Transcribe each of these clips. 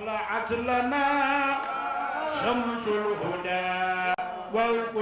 طلعت لنا شمس الهدى والقرآن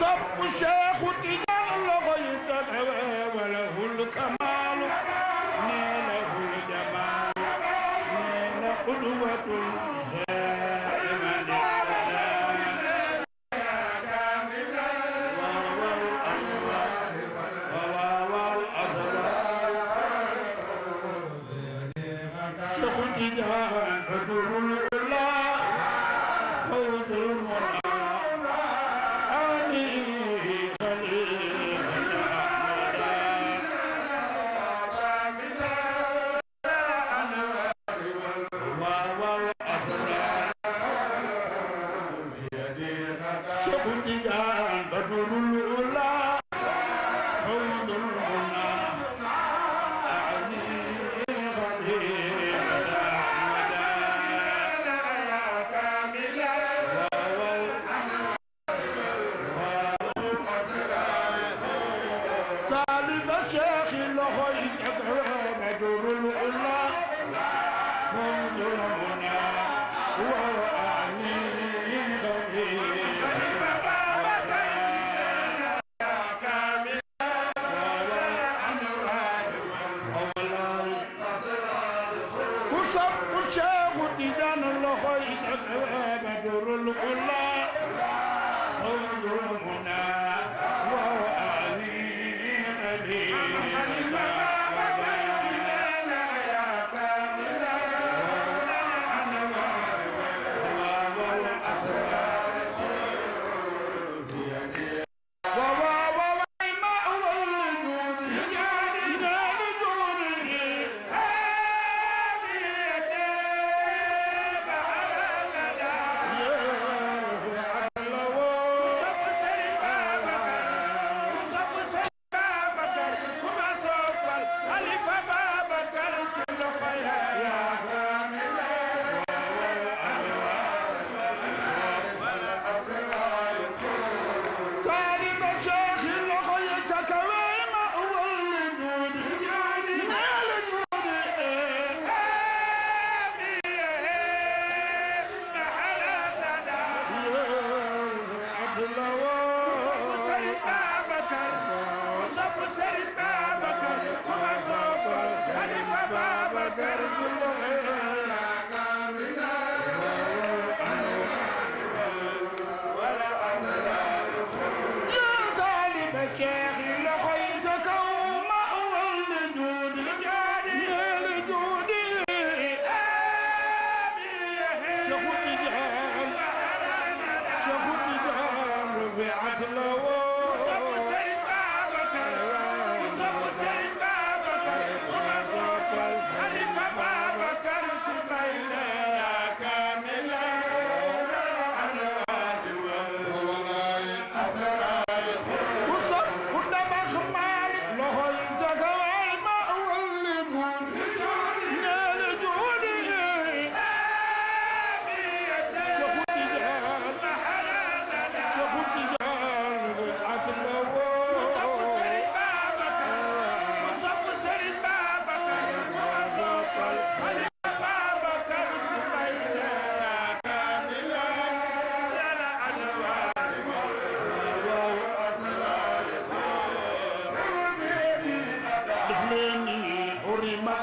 sopp Seexu Tijaan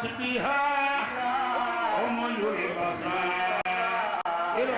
بها هم يلبسا إلى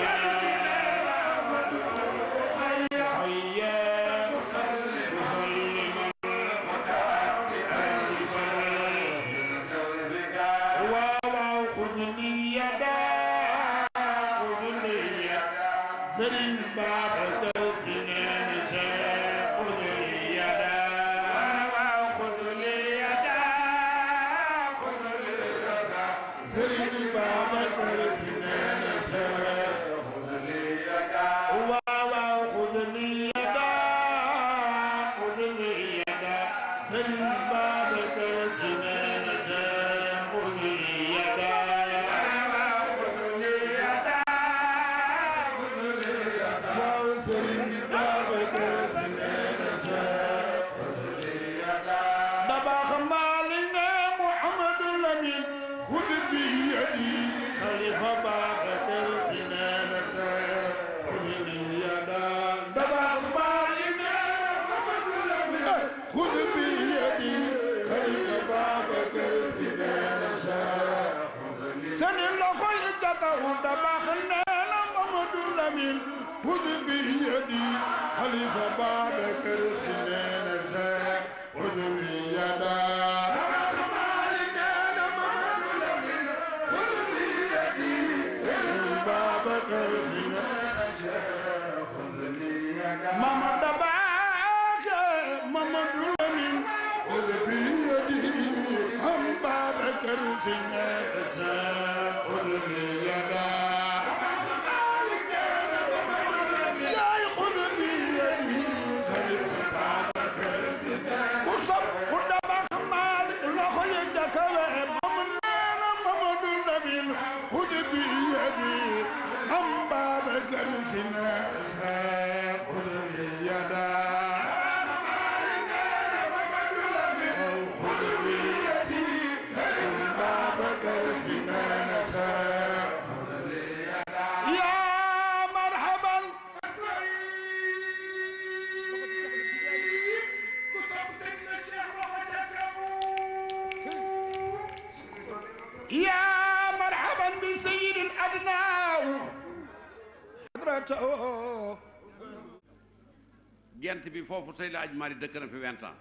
la oh, oh, oh, gent bi foofu Seydi Hadji Malick dëkk na fi vingt ans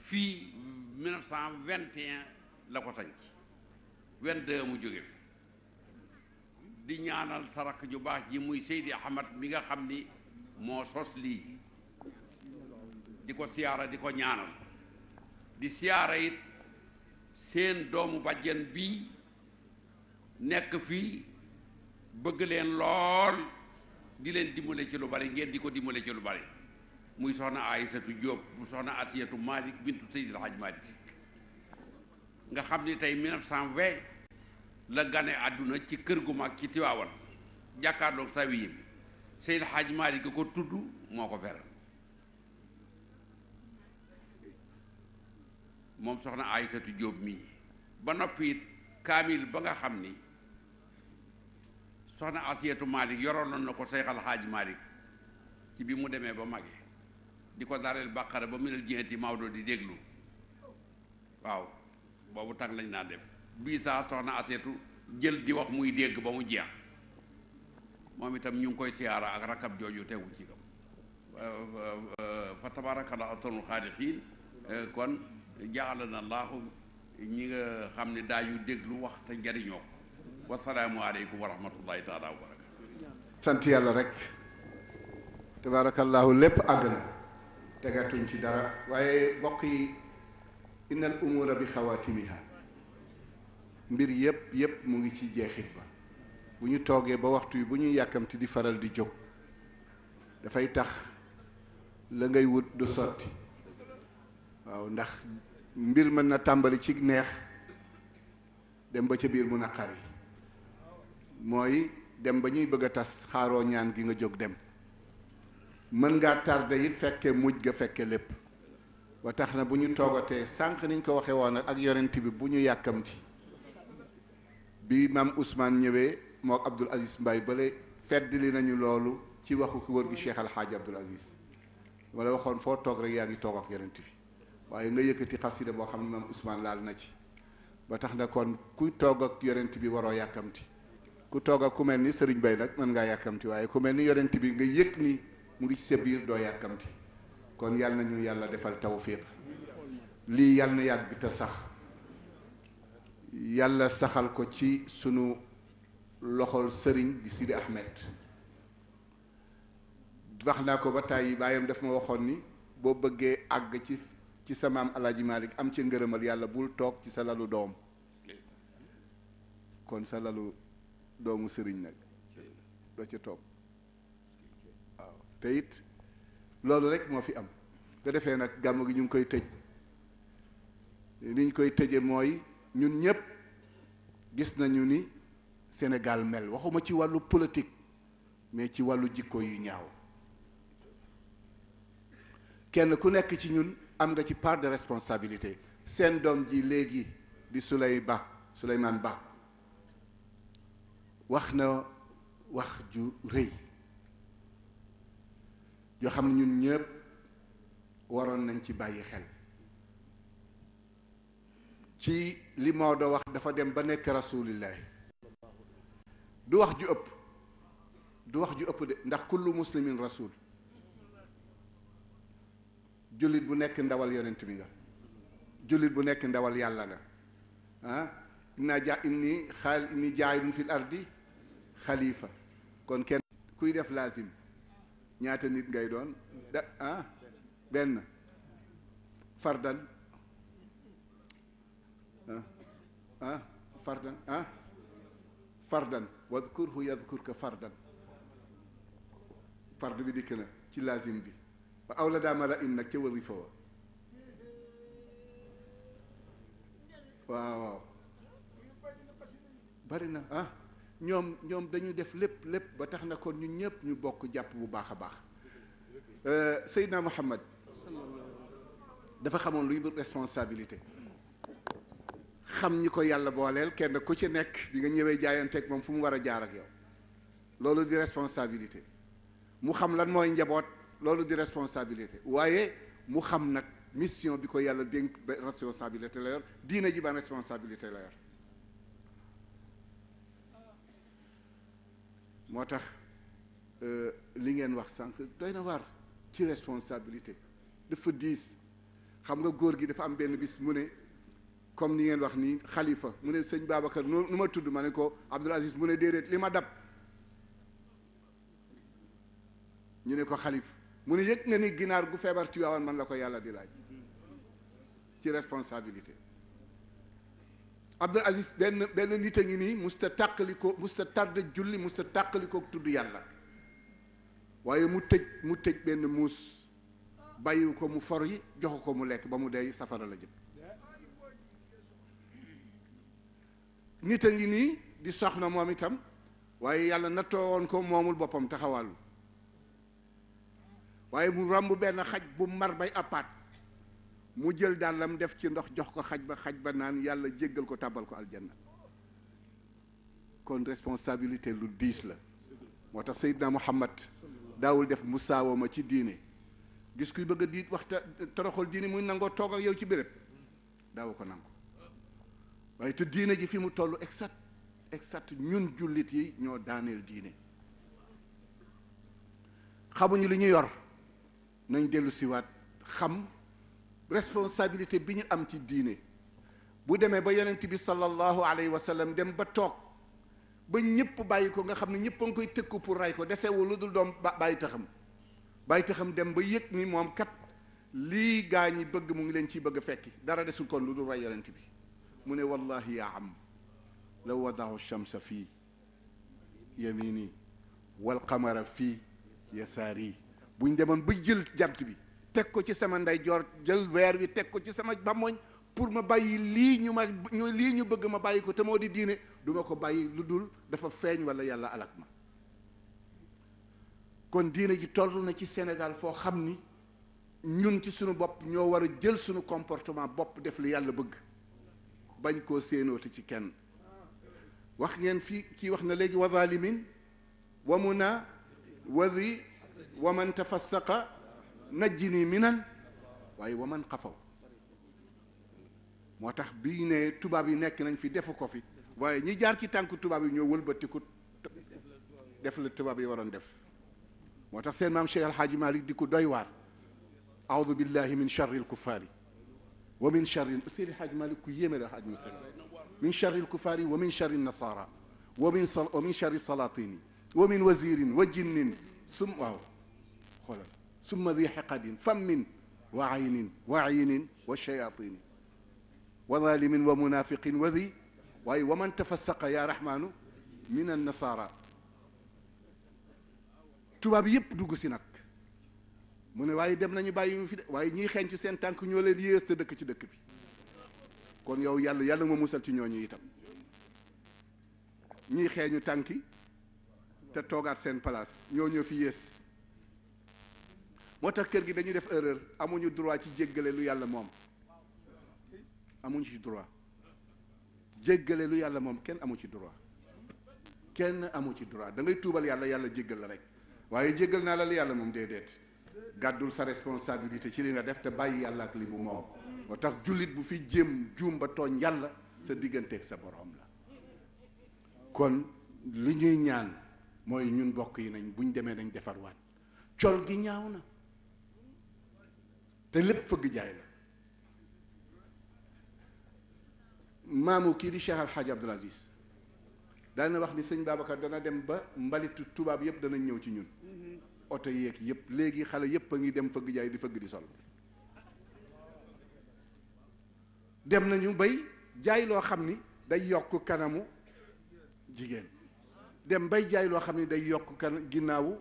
fii mille neuf la ko sanc vingt deux mu jóge fi di ñaanal sarak ju baax ji muy Seydi Ahmad mi nga xam ni moo sos lii di ko siyaara di ko ñaanal di siyaara it seen doomu bàjjen bii nekk fii bëgg leen lool di leen dimbale ci lu bari ngeen di ko dimbale ci lu bari muy soxna Aysatu Jóob mu soxna Asiyatu Malik bintu Seydil Haj Malik Si nga xam ni tey 1920 la gane àdduna ci kër gu mag ci Tiwaawan jàkkaarloog sawiyim Seydil Haj Malik ko tudd moo ko feral moom soxna Aysatu Jóob mii ba noppi it kaamil ba nga xam ni soxna Asiyatu Malick yoroon na ko Seyxal Xaaj Malick ci bi mu demee ba magee di ko daareel bàqare ba mu ne jiyanti Maodo di déglu waaw boobu tàng lañ naa def bii saa soxna Asiyatu jël di wax muy dégg ba mu jeex moom itam ñu ngi koy siyaara ak rakab jooju tegu ci ko fa tabarakallah ahsanul xaaliqiin kon na allahu ñi nga xam ne daa yu déglu wax te njariñoo ko wasalaamu aleykum wa rahmatullahi taala wa sant yàlla rek tabaarakallaahu lépp àgg na tegatuñ ci dara waaye mbokk yi innal umura bi xawaatimiha mbir yépp yëpp mu ngi ci jeexit ba bu ñu toogee ba waxtu yi bu ñuy yàkkamti di faral di jóg dafay tax la ngay wut du sotti waaw ndax mbir mën na tàmbali ci neex dem ba ca biir mu yi mooy dem ba ñuy bëgg a tas xaaroo ñaan gi nga jóg dem mën ngaa tardé it fekke mujj ga fekke lépp ba tax na bu ñu toogatee sànq niñ ko waxee woon ak yonent bi bu ñu yàkkamti bi maam Ousmane ñëwee moo Abdoul Aziz Mbaye bale feddli nañu loolu ci waxu ki wër gi Cheikh Alxaaji Abdoul Aziz wala waxoon foo toog rek yaa ngi toog ak yonent bi waaye nga yëkkati xasida boo xam ne maam Ousmane laal na ci ba tax na kon ku toog ak yonent bi waroo yàkkamti ku toog ak ku mel ni sëriñ bay nag mën ngaa yàkkamti waaye ku mel ni yonent bi nga yëg ni mu ngi ci sa biir doo yàkkamti kon yàlla na ñu yàlla defal tawfiq lii yàlla na yàgg te sax yàlla saxal ko ci sunu loxol sëriñ di Sidi Ahmed wax naa ko ba tàyyi bàyyam daf ma waxoon ni boo bëggee àgg ci ci sa maam Alaaji Malik am ci ngërëmal yàlla bul toog ci sa lalu doom kon sa lalu doomu sëriñ nag doo ca toog waaw te loolu rek moo fi am nga defee nag gàmm gi ñu ngi koy tëj liñ koy tëjee mooy ñun ñëpp gis nañu ni Sénégal mel waxuma ci wàllu politique mais ci wàllu jikko yu ñaaw kenn ku nekk ci ñun am nga ci part de responsabilité seen doom ji léegi di Souley Ba Souleymane Ba wax na wax ju rëy yoo xam ne ñun ñëpp waroon nañ ci bàyyi xel ci li Maodo wax dafa dem ba nekk rasulillahi du wax ju ëpp du wax ju ëpp de ndax kullu muslimin rasuul jullit bu nekk ndawal yonent bi nga jullit bu nekk ndawal yàlla nga ah inna ja inni xaal inni jaayun fil ardi xalifa kon kenn kuy def laasim ñaata nit ngay doon da ah benn fardan ah, ah fardan ah fardan wadkurhu yadkurka fardan fard bi dikk na ci laasim bi wa aw la daa mala nag ca wasifa wa waaw waaw bari na ah ñoom ñoom dañu def lépp lépp ba tax na kon ñun ñëpp ñu bokk jàpp bu baax a baax euh, Seydina Muhammad dafa xamoon luy responsabilité xam ñi ko yàlla booleel kenn ku ci nekk bi nga ñëwee jaayanteeg moom fu mu war a jaar ak yow loolu di responsabilité mu xam lan mooy njaboot loolu di responsabilité waaye mu xam nag mission bi ko yàlla dénk ba responsabilité la yor diina ji ban responsabilité la yor moo tax euh, li ngeen wax sànq doy na waar ci responsabilité dafa diis xam nga góor gi dafa am benn bis mu ne comme li ngeen wax nii xalifa mu ne sëñ Babacar nu nu ma tudd ma ne ko Abdoul Aziz mu ne déedéet li ma dab ñu ne ko xalif mu ne yëg nga ni ginaar gu feebar Tiwaawan man la ko yàlla di laaj ci responsabilité Abdul Aziz benn benn nit a ngi nii musta tàqaliko musta tàdd julli musta tàqaliko tudd yàlla waaye mu tëj mu tëj benn muus bàyyi ko mu for yi jox ko mu lekk ba mu dee safara la jëm nit a ngi nii di soxna moom itam waaye yàlla nattoo ko moomul boppam taxawaalu waaye mu romb benn xaj bu mar bay appaat mu jël dàllam def ci ndox jox ko xaj ba xaj ba naan yàlla jéggal ko tàbbal ko aljanna kon responsabilité lu diis la moo tax Seydina Muhammad daawul def musaawama ci diine gis kuy bëgg a diit waxta toroxal diine muy nangoo toog ak yow ci béréb daawu ko nangu waaye te diine ji fi mu toll exact exact ñun jullit yi ñoo daaneel diine xamuñu li ñu yor nañ dellu siwaat xam responsabilité bi ñu am ci diine bu demee ba yonent bi sallallahu alayhi wa sallam dem ba toog ba ñëpp bàyyi ko nga xam ne ñëpp ngi koy tëkku pour rey ko desewu lu dul doom bàyyi taxam bàyyi taxam dem ba yëg ni moom kat lii gaa ñi bëgg mu ngi leen ciy bëgg a fekki dara desul kon lu dul rey yonent bi mu ne wallahi yaa am law wadaahu shamsa fii yamini wal qamara fii yasaari buñ demoon ba jël jant bi teg ko ci sama ndeyjoor jël weer wi teg ko ci sama bàmmoñ pour ma bàyyi lii ñu ma lii ñu bëgg ma bàyyi ko te moo di diine duma ko bàyyi lu dul dafa feeñ wala yàlla alak ma kon diine ji toll na ci Sénégal foo xam ni ñun ci suñu bopp ñoo war a jël suñu comportement bopp def li yàlla bëgg bañ koo séenooti ci kenn wax ngeen fi kii wax na léegi wa zalimin wa muna wazi wa najjini minal waaye waman xafaw moo tax bi ne tubaab yi nekk nañ fi defu ko fi waaye ñi jaar ci tànk tubaab yi ñoo wëlbatiku def la tubaab yi waroon def moo tax seen maam Cheikh El Hadj di ko doy waar aoudu billahi min charri lkufaari wa min charri Seydi Hadj Malick ku yéeme la Hadj Moussa wa min charri sum waaw summa di xaqadin fammin wa aynin wa aynin wa shayatini wa zalimin wa munafiqin wa di waaye wa man tafassaqa yaa rahmaanu min annasara tubaab yëpp dugg si nag mu ne waaye dem nañu bàyyi ñu fi de waaye ñiy xeeñ seen tànk ñoo leen yées te dëkk ci dëkk bi kon yow yàlla yàlla ma musal ci ñooñu itam ñiy xeeñu tànki te toogaat seen place ñoo ñoo fi yées moo tax kër gi dañuy def erreur amuñu droit ci jéggale lu yàlla moom amuñu ci droit jéggale yàlla moom kenn amu ci droit kenn amu ci droit da ngay tuubal yàlla yàlla jéggal la rek waaye jéggal naa la li yàlla moom déedéet gàddul sa responsabilité ci li nga def te bàyyi yàlla ak li bu moom moo tax jullit bu fi jéem juum tooñ yàlla sa digganteek sa boroom la kon li ñuy ñaan mooy ñun bokk yi nañ buñ demee nañ defarwaat col gi ñaaw na te lépp fëgg jaay la maamu kii di Cheikh Al Hadj Abdoul Aziz daana wax ni sëñ Babacar dana dem ba mbalitu tubaab yëpp dana ñëw ci ñun mm-hmm. oto yeeg yëpp léegi xale yëpp a ngi dem fëgg jaay di fëgg di sol dem nañu bay jaay loo xam ni day yokk kanamu jigéen dem bay jaay loo xam ni day yokk kan ginnaawu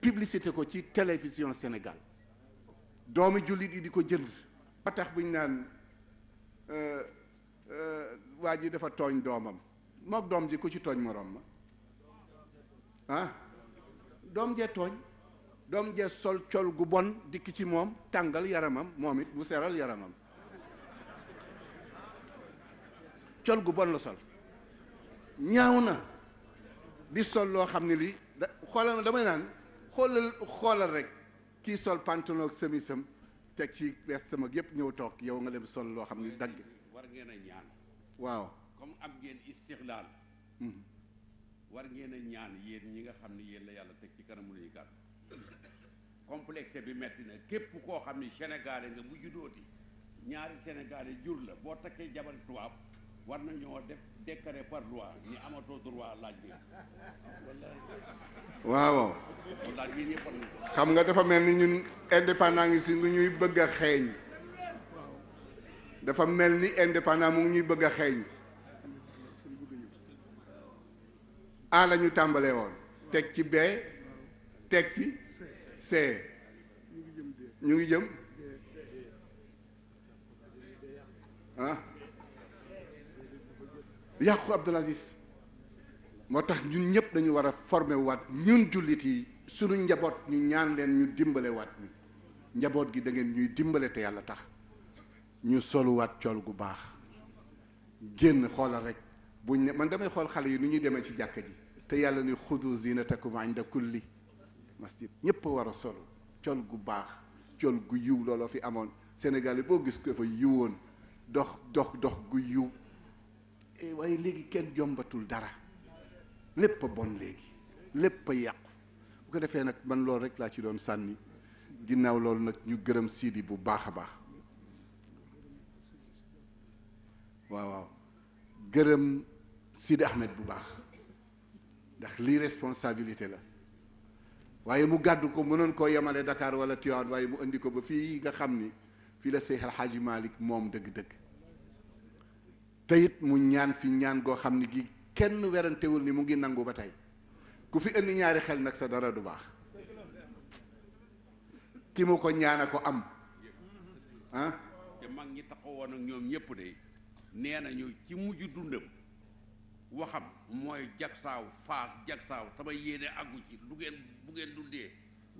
publicité ko ci télévision Sénégal doomi jullit yi di ko jënd ba tax bu ñu naan euh, euh, waa ji dafa tooñ doomam mook doom ji ku ci tooñ moroom ma ah? doom jee tooñ doom jee sol col gu bon dikk ci moom tàngal yaramam moom it bu seral yaramam col gu bon la sol ñaaw na di sol loo xam ne lii da xoolal damay naan xoolal xoolal rek kii sol pantalon ak chemise teg ci vestam ak yëpp ñëw toog yow nga dem sol loo xam ni dagg. war ngeen ñaan. waaw comme am ngeen istixlaal. Mm-hmm. war ngeen ñaan yéen ñi nga xam ne yéen la yàlla teg ci kanamu lañu gàtt complexe bi metti na képp koo xam ni sénégalais nga bu juddooti ñaari sénégalais jur la boo takkee jabar tubaab. war nañoo def décret par loi ni amatoo laaj bi waaw xam nga dafa mel ni ñun indépendant ngi si nu ñuy bëgg a xeeñ dafa mel ni indépendant mu ngi ñuy bëgg a xeeñ a ñu tàmbalee woon teg ci B teg ci C ñu ngi jëm yàqu Abdoul Aziz moo tax ñun ñëpp dañu war a formé waat ñun jullit yi suñu njaboot ñu ñaan leen ñu dimbale waat ñu njaboot gi dangeen ñuy dimbale te yàlla tax ñu soluwaat col gu baax génn xoolal rek buñ ne man damay xool xale yi nu ñuy demee ci jàkka ji te yàlla ni xudu zinatakum inda kulli masjid ñëpp war a solu col gu baax col gu yiw looloo fi amoon Sénégal yi boo gis ko fa yiwoon dox dox dox gu yiw Eh, waaye léegi kenn jombatul dara lépp a bon léegi lépp a yàqu bu ko defee nag man loolu rek laa ci doon sànni ginnaaw loolu nag ñu gërëm Sidi bu baax a baax waaw waaw gërëm Sidi Ahmed bu baax ndax lii responsabilité la waaye mu gàdd ko mënoon koo yemale ndakaar wala Tivaouane waaye mu indi ko ba fii nga xam ni fii la Seex Alxaaji Malik moom dëgg-dëgg te it mu ñaan fi ñaan goo xam ne gi kenn werantewul ni mu ngi nangu ba tey ku fi indi ñaari xel nag sa dara du baax ki mu ko ñaana ko am ah te mag ñi taxawoon ak ñoom ñëpp de nee nañu ci mujj dundam waxam mooy jagsaaw faas jagsaaw sama yéene àggu ci lu ngeen bu ngeen dundee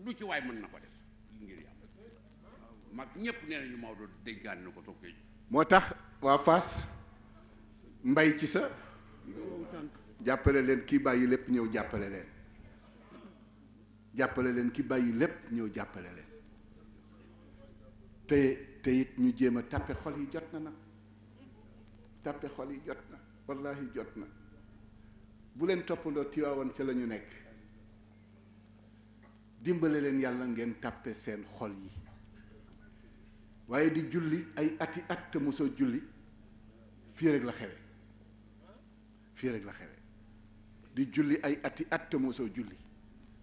lu ci waay mën ko def ngir ñëpp nee nañu Maodo dénkaan moo tax waa faas mbay ci sa jàppale leen kii bàyyi lépp ñëw jàppale leen jàppale leen ki bàyyi lépp ñëw jàppale leen te te ñu jéem a tàppe xol yi jot na nag tàppe xol yi jot na wallahi jot na bu leen toppandoo tiwaawan ci la ñu nekk dimbale leen yàlla ngeen tàppe seen xol yi waaye di julli ay ati at te julli fii rek la xewe fii rek la xewee di julli ay ati at te mosoo julli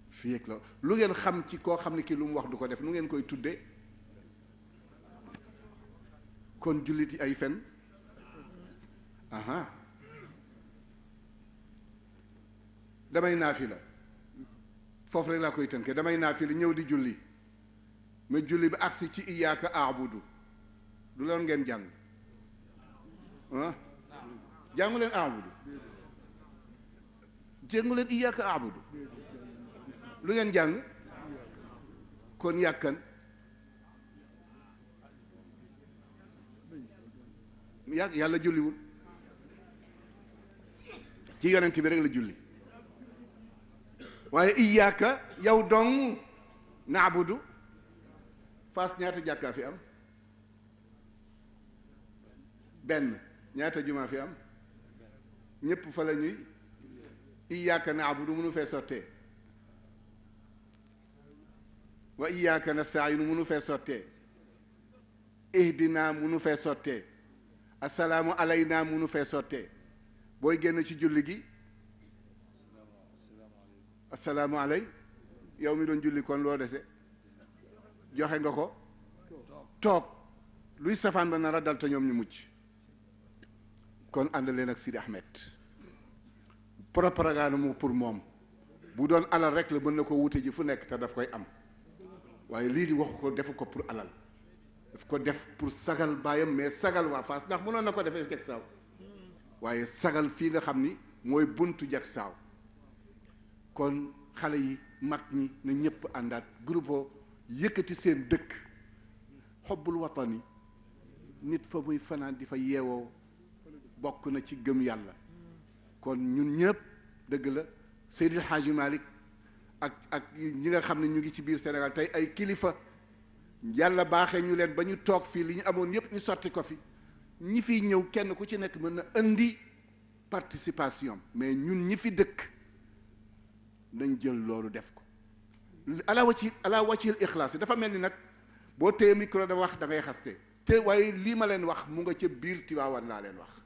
fii rek la lu ngeen xam ci koo xam ne kii lu mu wax du ko def nu ngeen koy tuddee kon jullit yi ay fen aha damay naafi la foofu rek laa koy tënkee damay naafi la ñëw di julli ma julli bi agsi ci iyaaka aabudu du loon ngeen jàng ah jàngu leen aabudu jàngu leen iyyaka a'budu lu ngeen jàng kon yàkkan yàq yàlla julliwul ci yonent bi rek la julli waaye iyyaka yow dong naabudu fas ñaata jàkkaa fi am benn ñaata jumaa fi am ñépp fa la iyyaka na'budu munu fee sottee wa na nasta'inu munu fee sottee ihdina munu fee sottee assalaamu alayna munu fee sottee booy génn ci julli gi assalaamu alay yow mi doon julli kon loo dese joxe nga ko toog luy safaan ba nar a dal te ñoom ñu mucc kon ànd leen ak Sidi Ahmed propagande mu pour moom bu doon alal rek la mën na ko wute ji fu nekk te daf koy am waaye lii di waxu ko defu ko pour alal daf ko def pour sagal baayam mais sagal waa Fass ndax mënoon na ko defee jag saaw waaye sagal fii nga xam ni mooy buntu jag saaw kon xale yi mag ñi ne ñëpp àndaat groupe yëkkati seen dëkk xobul xobbul yi nit fa muy fanaan di fa yeewoo bokk na ci gëm yàlla kon ñun ñëpp dëgg la Seydil Hadji Malick ak ak ñi nga xam ne ñu ngi ci biir Sénégal tey ay kilifa yàlla baaxee ñu leen ba ñu toog fii li ñu amoon yëpp ñu sotti ko fi ñi fiy ñëw kenn ku ci nekk mën na indi participation mais ñun ñi fi dëkk nañ jël loolu def ko ala wacci ala waccil ixlaas yi dafa mel ni nag boo téye micro da wax da ngay xaste te waaye lii ma leen wax mu nga ca biir Tiwaawan laa leen wax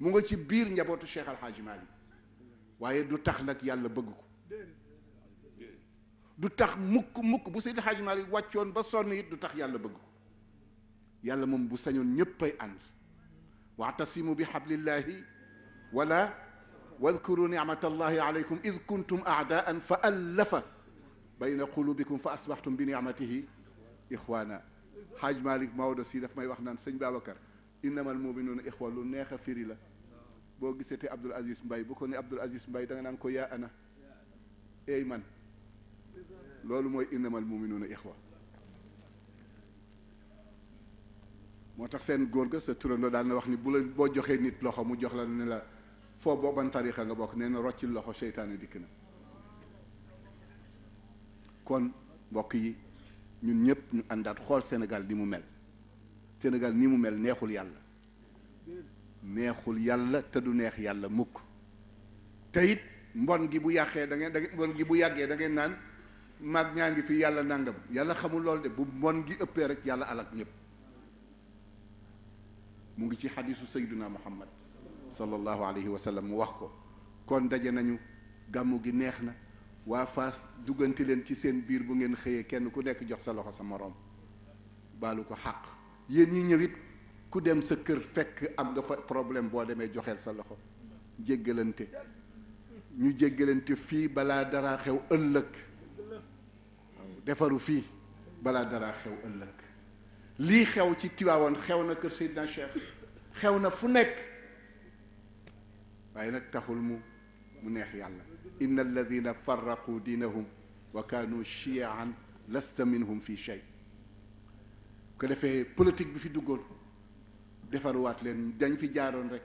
mu nga ci biir njabootu Cheikh Al Hadj Malick waaye du tax nag yàlla bëgg ko du tax mukk mukk bu Seydi El Hadj Malick wàccoon ba sonn it du tax yàlla bëgg ko yàlla moom bu sañoon ñéppay ànd waatasimu bi hablillahi wala wadkuru nicmatallahi alaykum id kuntum aadaan fa allafa bayna qulubikum fa asbaxtum bi nicmatihi ixwaana Hadj Malick Maodo si daf may wax naan sëñ Babacar innama almuminuuna ixwa lu neex a firi la boo gisee te Abdoul Aziz Mbaye bu ko ne Abdoul Aziz mbay da nga ko yaa ana eey man loolu mooy innamal muminuuna ixwa moo tax seen góor ga sa turandoo daal na wax ni bu la boo joxee nit loxo mu jox la ne la foo boo ban nga bokk nee na rocci loxo seytaane dikk na kon mbokk yi ñun ñëpp ñu àndaat xool Sénégal ni mu mel Sénégal ni mu mel neexul yàlla neexul yàlla te du neex yàlla mukk te it mbon gi bu yàqee da mbon gi bu yàggee da ngeen naan mag ñaa ngi fi yàlla nangam yàlla xamul lool de bu mbon gi ëppee rek yàlla alak ñépp mu ngi ci xadisu sayduna muhammad sallallahu alayhi wa sallam mu wax ko kon daje nañu gàmmu gi neex na waa faas duggante leen ci seen biir bu ngeen xëyee kenn ku nekk jox sa loxo sa moroom baalu ko xàq yéen ñi ñëwit ku dem sa kër fekk am nga fa problème boo demee joxeel sa loxo jéggalante ñu jéggalante fii balaa dara xew ëllëg defaru fii balaa dara xew ëllëg lii xew ci Tiwaawan xew na kër Seydina Cheikh xew na fu nekk waaye nag taxul mu mu neex yàlla inna alladina farraqu diinahum wa kaanu chiaan lasta minhum fi shay ko defee politique bi fi duggoon defarwaat leen dañ fi jaaroon rek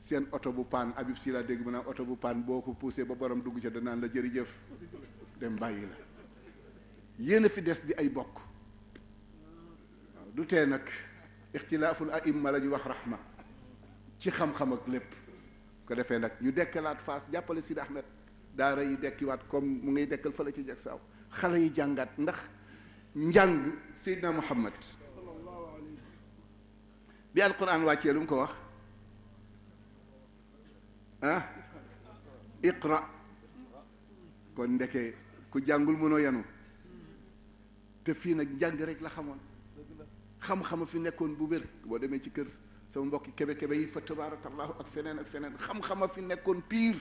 seen oto bu paan Habib Sy laa dégg mu naan oto bu paan boo ko poussé ba borom dugg ca danaan la jërëjëf dem bàyyi la yéen a fi des di ay bokk waaw du tee nag ixtilaaful aimma la ñu wax raxma ci xam-xam ak lépp ko defee nag ñu dekkalaat fas jàppale Sidi Ahmed daara yi dekkiwaat comme mu ngay dekkal fële ci jag saaw xale yi jàngaat ndax njàng Seydina Muhammad bi alquran wàccee lu mu ko wax ah iqra kon ndeke ku jàngul mënoo yanu te fii nag njàng rek la xamoon xam-xama fi nekkoon bu wér boo demee ci kër sama mbokki kebe-kebe yi fa tabarakallahu ak feneen ak feneen xam-xama xam fi nekkoon pire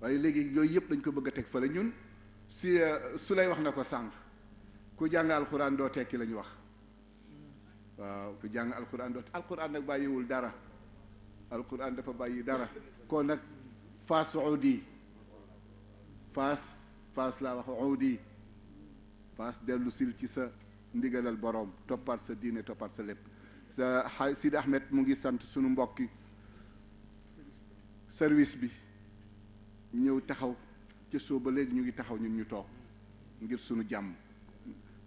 waaye léegi yooyu yëpp dañ ko bëgg a teg fa la ñun si euh, su lay wax na ko sànq ku jàng alquran doo tekki la wax waaw ku jàng alquran doot alquran nag bàyyiwul dara alquran dafa bàyyi dara kon nag faas uudi faas faas laa wax uudi faas dellu sil ci sa ndigalal boroom toppaat sa diine toppaat sa lépp sa Sidi Ahmed mu ngi sant sunu mbokki service bi ñëw taxaw ca soo ba léegi ñu ngi taxaw ñun ñu toog ngir sunu jàmm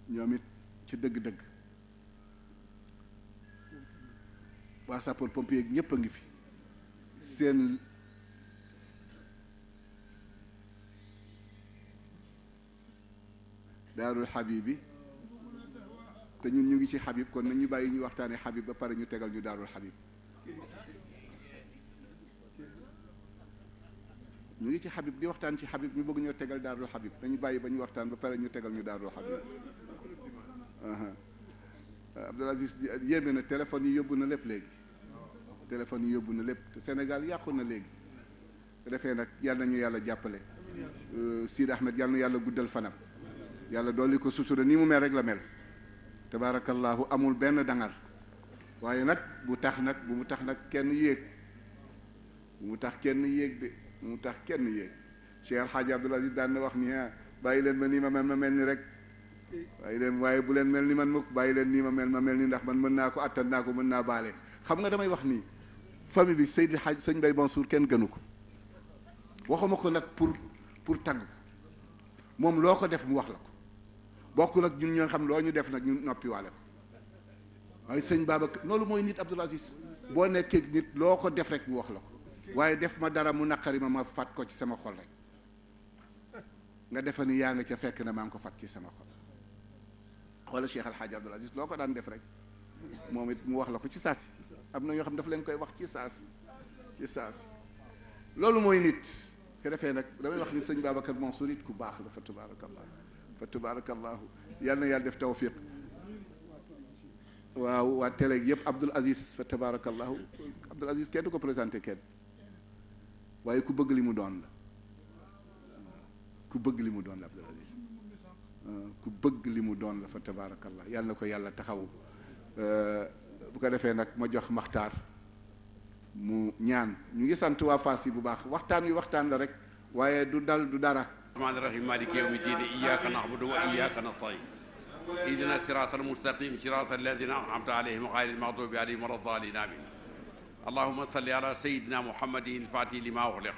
ñoom it ci dëgg-dëgg waa sapeur pompier ñëpp a ngi fi seen daarul xabib bi te ñun ñu ngi ci xabib kon nañu bàyyi ñu waxtaanee xabib ba pare ñu tegal ñu daarul xabib ñu ngi ci xabib di waxtaan ci xabib ñu bëgg ñoo tegal daarul xabib nañu bàyyi ba ñu waxtaan ba pare ñu tegal ñu daarul xabib Abdoul Aziz yéeme na téléphone yi yóbbu na lépp léegi téléphone yi yóbbu na lépp te senegal yàqu na léegi defee nag yal nañu yàlla jàppale euh, Sidi Ahmed yal na yàlla guddal fanam yàlla yi ko sutura ni mu mel rek la mel tabaarakallaahu amul benn dangar waaye nag bu tax nag bu mu tax nag kenn yéeg bu mu tax kenn yéeg de bu mu tax kenn yéeg Cheikh El Hadj Abdoul Aziz daan wax ni ah bàyyi leen ma nii ma mel ma mel ni rek. waaye leen waaye bu leen mel ni man mukk bàyyi leen nii ma mel ma mel nii ndax man mën naa ko attan naa ko mën naa baale xam nga damay wax nii famille bi Seydi Hadj Sëñ Mbaye Mansour kenn gënu ko waxuma ko nag pour pour tagg moom loo ko def mu wax la ko bokkul ak ñun ñoo xam loo ñu def nag ñu noppiwaale ko waaye sëñ Babacar loolu mooy nit Abdoul Aziz boo nekkee nit loo ko def rek mu wax la ko waaye def ma dara mu naqari ma ma fat ko ci sama xol rek nga defa yaa nga ca fekk na maa ngi ko fat ci sama xol wala Cheikh Alhaaji Abdoul Aziz loo ko daan def rek moom it mu wax la ko ci saasi am na ñoo xam dafa leen koy wax ci saasi ci loolu mooy nit ke defee nag damay wax ni sëñ Babacar Mansour it ku baax la fa tabarakallah fa tabarakallahu yàlla na yàlla def tawfiq waaw waa télé yëpp Abdoul Aziz fa tabarakallahu Abdoul Aziz kenn du ko présenté kenn waaye ku bëgg li mu doon la ku bëgg li mu doon la Abdoul Aziz Euh, ku bëgg li mu doon la fa tabaarakallah yàlla na ko yàlla taxawu euh, bu ko defee nag ma jox maxtaar mu ñaan ñu ngi sant waa Fass yi bu baax waxtaan wi waxtaan la rek waaye du dal du dara rahmaani rahim maliki yawmi diin iyyaka na'budu wa iyyaka nasta'in ihdina siratal mustaqim siratal ladina an'amta alayhim ghayril maghdubi alayhim wa lad-dallin amin allahumma salli ala sayyidina muhammadin al-fatihi lima ughliqa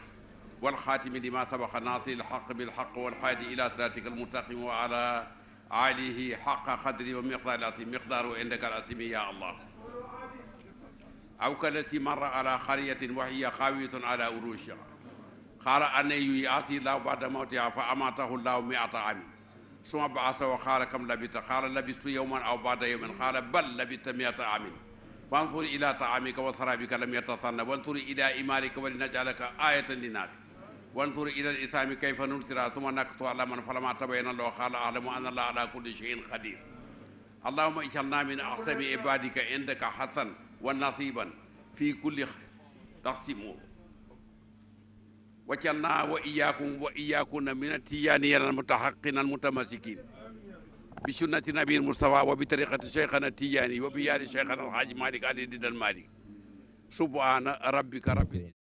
والخاتم لما سبق ناصر الحق بالحق والحادي إلى صراطك المستقيم وعلى آله حق قدره ومقدار العظيم مقداره عندك العظيم يا الله أو كالذي مر على قرية وهي قاوية على أروشها قال أن يأتي الله بعد موتها فأماته الله مئة عام ثم بعثه قال كم لبثت قال لبثت يوما أو بعد يوم قال بل لبثت مئة عام فانظر إلى طعامك وشرابك لم يتطن وانظر إلى إمالك ولنجعلك آية للناس wanzur ila al-insani kayfa nunsira summa naksu ala man falamma tabayyana lahu qala a'lamu anna allaha ala kulli shay'in qadir allahumma ij'alna min ahsani ibadika indaka hasan wa nasiban fi kulli taqsimu waj'alna wa iyyakum wa iyyakunna min at-tiyaniyina al-mutahaqqina al-mutamassikin bi sunnati nabiyyil mustafa wa bi tariqati shaykhana tijani wa bi yari shaykhana al-hajj malik ali didal malik subhana rabbika rabbil